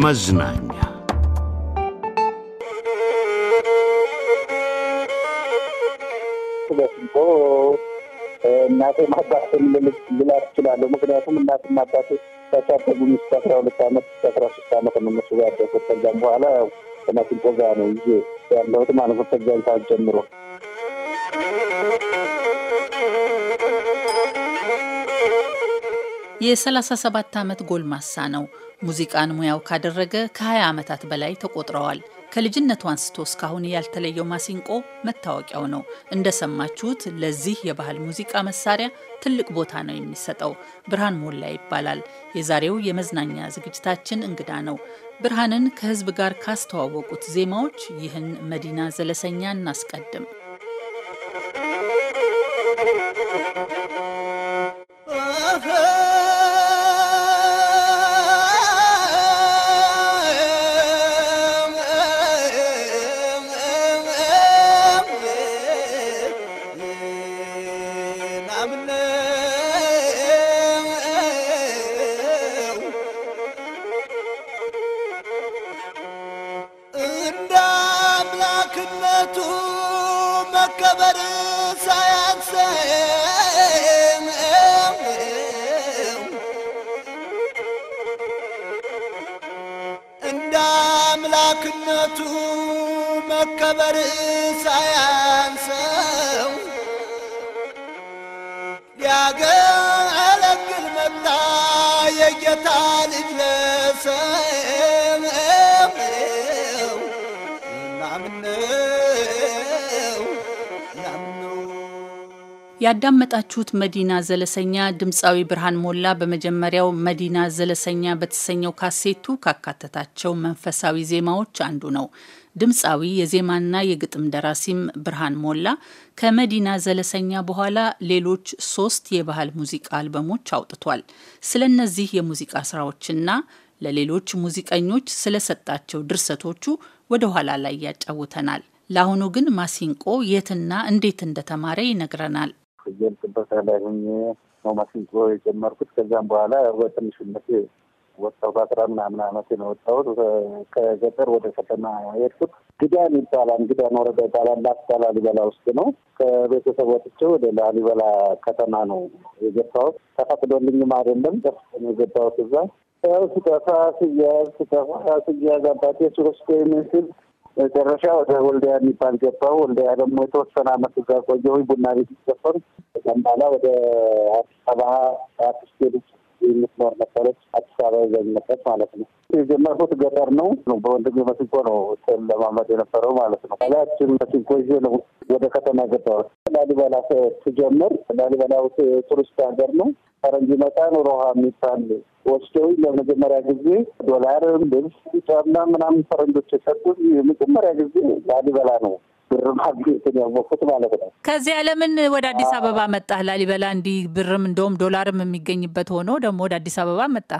መዝናኛ እናቴ እናቴም አባቴም ልላ ትችላለሁ። ምክንያቱም እናቴ አባቴ ያሳደጉኝ ሚስት አስራ ሁለት አመት እስከ አስራ ሶስት አመት ነው እነሱ ያደጉት። ያደኩት። ከዛም በኋላ ያው ከማሲንቆ ጋር ነው ይዤ ያለሁት ማለት ነው ከዛን ሰዓት ጀምሮ የሰላሳ ሰባት ዓመት ጎልማሳ ነው። ሙዚቃን ሙያው ካደረገ ከ20 ዓመታት በላይ ተቆጥረዋል። ከልጅነቱ አንስቶ እስካሁን ያልተለየው ማሲንቆ መታወቂያው ነው። እንደሰማችሁት ለዚህ የባህል ሙዚቃ መሳሪያ ትልቅ ቦታ ነው የሚሰጠው። ብርሃን ሞላ ይባላል። የዛሬው የመዝናኛ ዝግጅታችን እንግዳ ነው። ብርሃንን ከህዝብ ጋር ካስተዋወቁት ዜማዎች ይህን መዲና ዘለሰኛ እናስቀድም። አምላክነቱ መከበር ሳያንሰው ሊያገለግል መጣ የጌታ ልጅ ናምነው እናምነው ያዳመጣችሁት መዲና ዘለሰኛ ድምፃዊ ብርሃን ሞላ በመጀመሪያው መዲና ዘለሰኛ በተሰኘው ካሴቱ ካካተታቸው መንፈሳዊ ዜማዎች አንዱ ነው። ድምፃዊ የዜማና የግጥም ደራሲም ብርሃን ሞላ ከመዲና ዘለሰኛ በኋላ ሌሎች ሶስት የባህል ሙዚቃ አልበሞች አውጥቷል። ስለ እነዚህ የሙዚቃ ስራዎችና ለሌሎች ሙዚቀኞች ስለሰጣቸው ድርሰቶቹ ወደ ኋላ ላይ ያጫውተናል። ለአሁኑ ግን ማሲንቆ የትና እንዴት እንደተማረ ይነግረናል። ፍየል ጥበቃ ላይ ሆኜ ነው ማሲንቆ የጀመርኩት። ከዚያም በኋላ በትንሽነቴ ወጣው በአስራ ምናምን አመት ነው ወጣሁት። ከገጠር ወደ ከተማ የሄድኩት ግዳን ይባላል። ግዳን ወረዳ ይባላል። ላስታ ላሊበላ ውስጥ ነው። ከቤተሰብ ወጥቼ ወደ ላሊበላ ከተማ ነው የገባሁት። ተፈቅዶልኝም አይደለም ደፍተን የገባሁት እዛ ያው ስጠፋ ስያዝ ስጠፋ ስያዝ አባቴ ሱሮስኮ የሚስል መጨረሻ ወደ ወልዲያ የሚባል ገባሁ። ወልዲያ ደግሞ የተወሰነ አመት እዛ ቆየሁኝ። ቡና ቤት ይሰፈሩ ከዛም በኋላ ወደ አዲስ አበባ አዲስ ቴሌስ የምትኖር ነበረች። አዲስ አበባ ይዘኝ መጣች ማለት ነው። የጀመርኩት ገጠር ነው። በወንድሜ መሲንኮ ነው ለማመድ የነበረው ማለት ነው። ላያችን መሲንኮ ይዤ ነው ወደ ከተማ ገባሁት። ላሊበላ ስጀምር ላሊበላ ቱሪስት ሀገር ነው። ፈረንጅ መጣን ሮሃ የሚባል ወስደው ለመጀመሪያ ጊዜ ዶላርም ልብስ ጫማ ምናምን ፈረንጆች የሰጡት የመጀመሪያ ጊዜ ላሊበላ ነው ብርም ማግኘትን ያወቅሁት ማለት ነው። ከዚህ ለምን ወደ አዲስ አበባ መጣህ? ላሊበላ እንዲህ ብርም እንደውም ዶላርም የሚገኝበት ሆኖ ደግሞ ወደ አዲስ አበባ መጣ?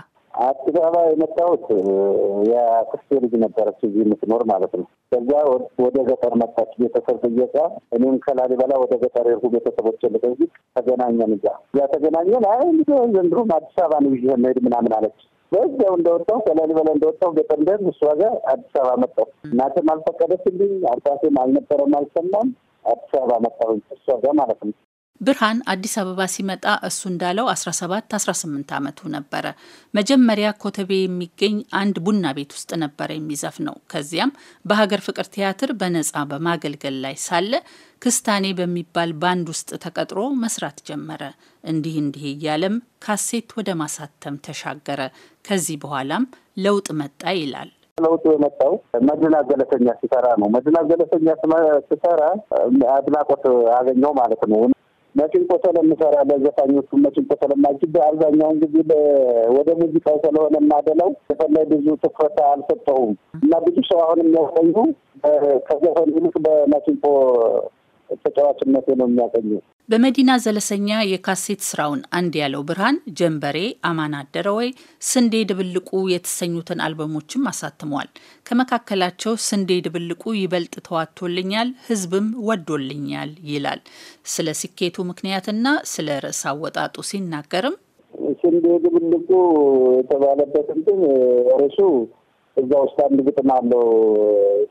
አዲስ አበባ የመጣሁት የአክስቴ ልጅ ነበረች እዚህ የምትኖር ማለት ነው። ከዚያ ወደ ገጠር መጣች ቤተሰብ ጥየቃ። እኔም ከላሊበላ ወደ ገጠር የርኩ ቤተሰቦች ልጠይቅ ተገናኘን። እዛ እዛ ተገናኘን። አይ ልጅ ዘንድሮም አዲስ አበባ ነው ይዤ መሄድ ምናምን አለች። በዚያው እንደወጣው ከላሊበላ እንደወጣው ገጠር እንደሄድ እሷ ጋር አዲስ አበባ መጣሁ። እናቴም አልፈቀደችልኝ፣ አባቴም አልነበረም፣ አልሰማም። አዲስ አበባ መጣሁ እሷ ጋር ማለት ነው። ብርሃን አዲስ አበባ ሲመጣ እሱ እንዳለው 17 18 ዓመቱ ነበረ። መጀመሪያ ኮተቤ የሚገኝ አንድ ቡና ቤት ውስጥ ነበረ የሚዘፍ ነው። ከዚያም በሀገር ፍቅር ቲያትር በነፃ በማገልገል ላይ ሳለ ክስታኔ በሚባል ባንድ ውስጥ ተቀጥሮ መስራት ጀመረ። እንዲህ እንዲህ እያለም ካሴት ወደ ማሳተም ተሻገረ። ከዚህ በኋላም ለውጥ መጣ ይላል። ለውጡ የመጣው መድና ገለተኛ ሲሰራ ነው። መድና ገለተኛ ሲሰራ አድናቆት አገኘው ማለት ነው። መጭንቆ ስለምሰራ ለዘፋኞቹ መጭንቆ ስለማጅበ አብዛኛውን ጊዜ ወደ ሙዚቃው ስለሆነ የማደለው ዘፈን ላይ ብዙ ትኩረት አልሰጠውም እና ብዙ ሰው አሁን የሚያገኙ ከዘፈን ይልቅ በመጭንቆ ተጫዋችነቴ ነው የሚያገኘው። በመዲና ዘለሰኛ የካሴት ስራውን አንድ ያለው ብርሃን ጀንበሬ፣ አማና አደረ ወይ፣ ስንዴ ድብልቁ የተሰኙትን አልበሞችም አሳትሟል። ከመካከላቸው ስንዴ ድብልቁ ይበልጥ ተዋቶልኛል፣ ህዝብም ወዶልኛል ይላል። ስለ ስኬቱ ምክንያትና ስለ ርዕስ አወጣጡ ሲናገርም ስንዴ ድብልቁ የተባለበት እንትን ርዕሱ እዛ ውስጥ አንድ ግጥም አለው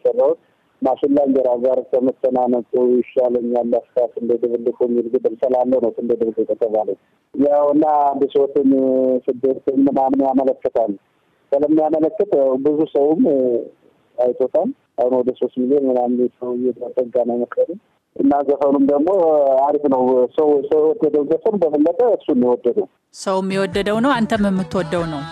ሰለወት ማሽላ እንጀራ ጋር ከመተናነቁ ይሻለኛል አስታት እንደ ድብልቁ የሚል ግድል ስላለው ነው እንደ ድብልቅ የተባለው ያው እና አንድ ሶስትን ስድስትን ምናምን ያመለክታል። ስለሚያመለክት ብዙ ሰውም አይቶታል። አሁን ወደ ሶስት ሚሊዮን ምናምን ሰው እየተጠጋ ነው መሰለኝ እና ዘፈኑም ደግሞ አሪፍ ነው። ሰው ሰው የወደደው ዘፈን በፈለጠ እሱ የወደደው ሰውም የወደደው ነው። አንተም የምትወደው ነው።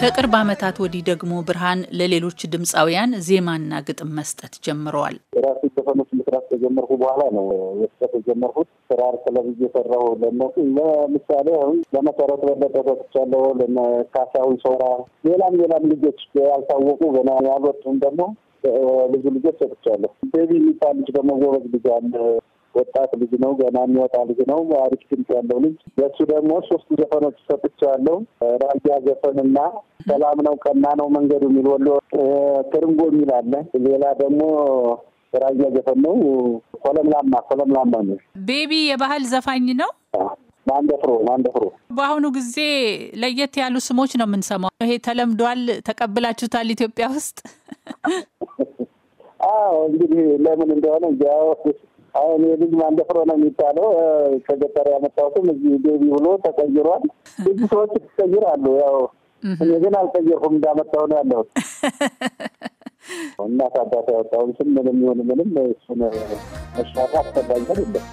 ከቅርብ ዓመታት ወዲህ ደግሞ ብርሃን ለሌሎች ድምፃውያን ዜማና ግጥም መስጠት ጀምረዋል። ራሴ ዘፈኖች መስራት ከጀመርኩ በኋላ ነው የስጠት የጀመርኩት ስራር ስለብዬ የሰራሁ ለነሱ ለምሳሌ አሁን ለመሰረት በለጠ ሰጥቻለሁ፣ ለካሳሁን ሶራ፣ ሌላም ሌላም ልጆች ያልታወቁ ገና ያልወጡም ደግሞ ልጁ ልጆች ሰጥቻለሁ። ቤቢ የሚባል ልጅ ደግሞ ጎበዝ ልጅ አለ ወጣት ልጅ ነው፣ ገና የሚወጣ ልጅ ነው። አሪፍ ድምፅ ያለው ልጅ። በሱ ደግሞ ሶስት ዘፈኖች ሰጥቻለሁ። ራያ ዘፈን እና ሰላም ነው ቀና ነው መንገዱ የሚል ወሎ ትርንጎ የሚል አለ። ሌላ ደግሞ ራያ ዘፈን ነው። ኮለምላማ ኮለምላማ ነው። ቤቢ የባህል ዘፋኝ ነው። ማንደፍሮ ማንደፍሮ። በአሁኑ ጊዜ ለየት ያሉ ስሞች ነው የምንሰማው። ይሄ ተለምዷል። ተቀብላችሁታል ኢትዮጵያ ውስጥ? አዎ እንግዲህ ለምን እንደሆነ ያው አሁን የልጅ ማንደፍሮ ነው የሚባለው ከገጠር ያመጣሁትም እዚህ ቤቢ ብሎ ተቀይሯል። ብዙ ሰዎች ይቀይራሉ። ያው እኔ ግን አልቀየርኩም እንዳመጣሁ ነው ያለሁት። እናት አባት ያወጣውን ስም ምንም ይሁን ምንም እሱን መሻፋ አስፈላጊ የለም።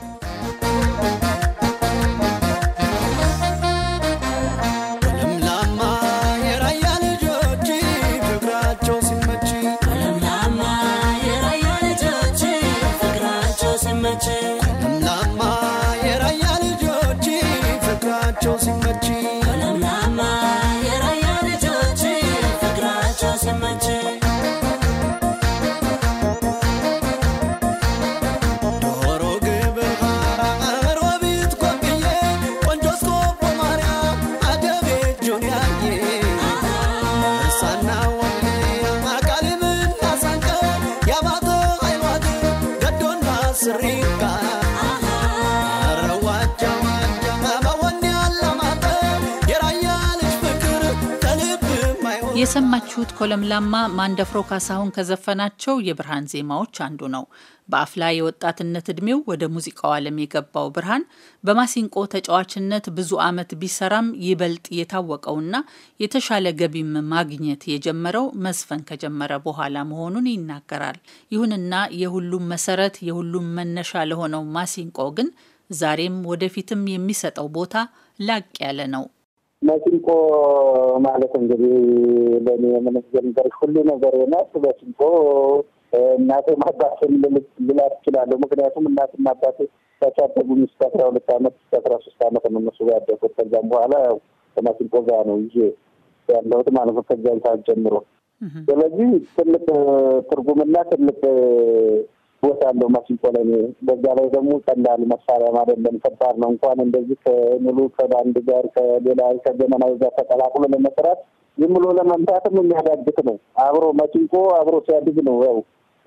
የሰማችሁት ኮለምላማ ማንደፍሮ ካሳሁን ከዘፈናቸው የብርሃን ዜማዎች አንዱ ነው። በአፍላ የወጣትነት እድሜው ወደ ሙዚቃው ዓለም የገባው ብርሃን በማሲንቆ ተጫዋችነት ብዙ ዓመት ቢሰራም ይበልጥ የታወቀውና የተሻለ ገቢም ማግኘት የጀመረው መዝፈን ከጀመረ በኋላ መሆኑን ይናገራል። ይሁንና የሁሉም መሰረት የሁሉም መነሻ ለሆነው ማሲንቆ ግን ዛሬም ወደፊትም የሚሰጠው ቦታ ላቅ ያለ ነው። መሲንቆ ማለት እንግዲህ ለእኔ የምንገንበር ሁሉ ነገር ናት። በሲንቆ እናቴ ማባቴን ልላት እችላለሁ። ምክንያቱም እናት ማባቴ ያሳደጉኝ እስከ አስራ ሁለት ዓመት እስከ አስራ ሶስት ዓመት ነው እነሱ ጋር ያደኩት። ከዛም በኋላ ያው ከመሲንቆ ጋር ነው ይዤ ያለሁት ማለት ነው ከዚያን ሰዓት ጀምሮ። ስለዚህ ትልቅ ትርጉምና ትልቅ ቦታ ያለው ማሲንቆ ላይ በዛ ላይ ደግሞ ቀላል መሳሪያም አይደለም፣ ከባድ ነው። እንኳን እንደዚህ ከሙሉ ከባንድ ጋር ከሌላ ከዘመናዊ ጋር ተቀላቅሎ ለመስራት ዝም ብሎ ለመምታትም የሚያዳግት ነው። አብሮ ማሲንቆ አብሮ ሲያድግ ነው ያው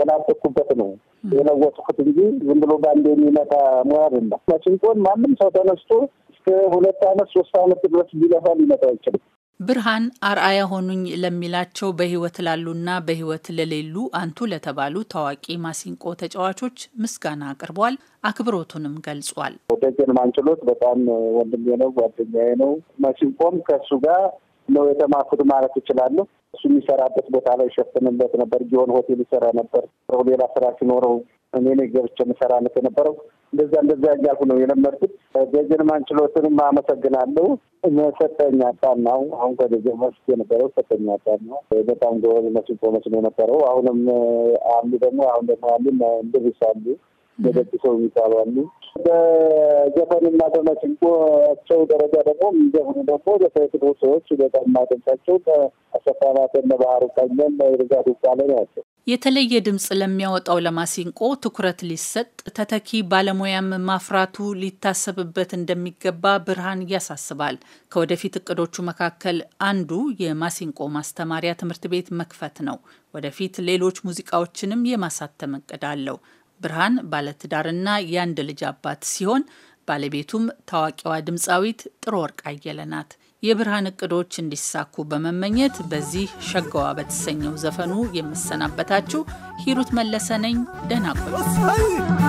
ተላጠኩበት ነው የለወጥኩት እንጂ ዝም ብሎ በአንድ የሚመጣ ሙያ አይደለም። ማሲንቆን ማንም ሰው ተነስቶ እስከ ሁለት አመት ሶስት አመት ድረስ ሊለፋ ሊመጣ አይችልም። ብርሃን አርአያ ሆኑኝ ለሚላቸው በህይወት ላሉና በህይወት ለሌሉ አንቱ ለተባሉ ታዋቂ ማሲንቆ ተጫዋቾች ምስጋና አቅርቧል። አክብሮቱንም ገልጿል። ደጀን ማንችሎት በጣም ወንድሜ ነው፣ ጓደኛዬ ነው። ማሲንቆም ከእሱ ጋር ነው የተማኩት ማለት እችላለሁ። እሱ የሚሰራበት ቦታ ላይ ሸፍንለት ነበር። ጊዮን ሆቴል ይሰራ ነበር። ሌላ ስራ ሲኖረው እኔ ገብቼ የምሰራለት የነበረው እንደዛ እንደዛ እያልኩ ነው የለመድኩት። በጀርመን ችሎትንም አመሰግናለሁ። ሰጠኝ አጣን ነው አሁን ከደጀን መስት የነበረው ሰጠኝ አጣን ነው በጣም ጎበዝ መሲንቆ መስ ነው የነበረው። አሁንም አሉ ደግሞ አሁን ደግሞ አሉ እንደዚህ አሉ ተደግሰው ሰው የሚባሉ አሉ። በዘፈንና በመሰንቆአቸው ደረጃ ደግሞ የሚዘፍኑ ደግሞ በተክዶ ሰዎች በጣም ማደንቃቸው አሰፋባተነ ባህሩ ቀኘን ርዛ ይባለ ናቸው። የተለየ ድምፅ ለሚያወጣው ለማሲንቆ ትኩረት ሊሰጥ ተተኪ ባለሙያም ማፍራቱ ሊታሰብበት እንደሚገባ ብርሃን ያሳስባል። ከወደፊት እቅዶቹ መካከል አንዱ የማሲንቆ ማስተማሪያ ትምህርት ቤት መክፈት ነው። ወደፊት ሌሎች ሙዚቃዎችንም የማሳተም እቅድ አለው። ብርሃን ባለትዳርና የአንድ ልጅ አባት ሲሆን ባለቤቱም ታዋቂዋ ድምፃዊት ጥሩ ወርቅ አየለ ናት። የብርሃን እቅዶች እንዲሳኩ በመመኘት በዚህ ሸገዋ በተሰኘው ዘፈኑ የምሰናበታችሁ ሂሩት መለሰ ነኝ። ደህና ቆዩ።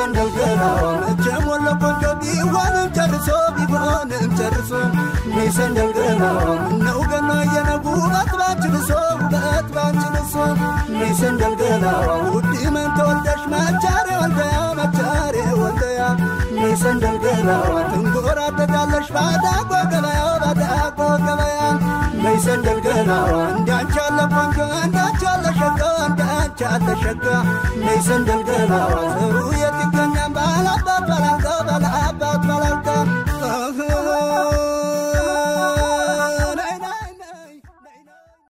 ጨርሰን ደብደራ መቼም ወሎ ቆንጆ ቢሆንም ጨርሶ ቢሆንም ጨርሶ ሚሰን ደብደራ ምነው ገና የነጉ ባትባችን ሶ ባትባችን ሶ ሚሰን ደብደራ ውድ መን ተወልደሽ መቻሬ ወልደያ መቻሬ ወልደያ ሚሰን ደብደራ ትንጎራደዳለሽ ባዳጎ ገበያ ባዳጎ ገበያ ሚሰን ደብደራ እንዳንቻለ ቆንጆ እንዳንቻለ ሸቀ جاتا شكا ميسن دلقنا وزروية كنن بالا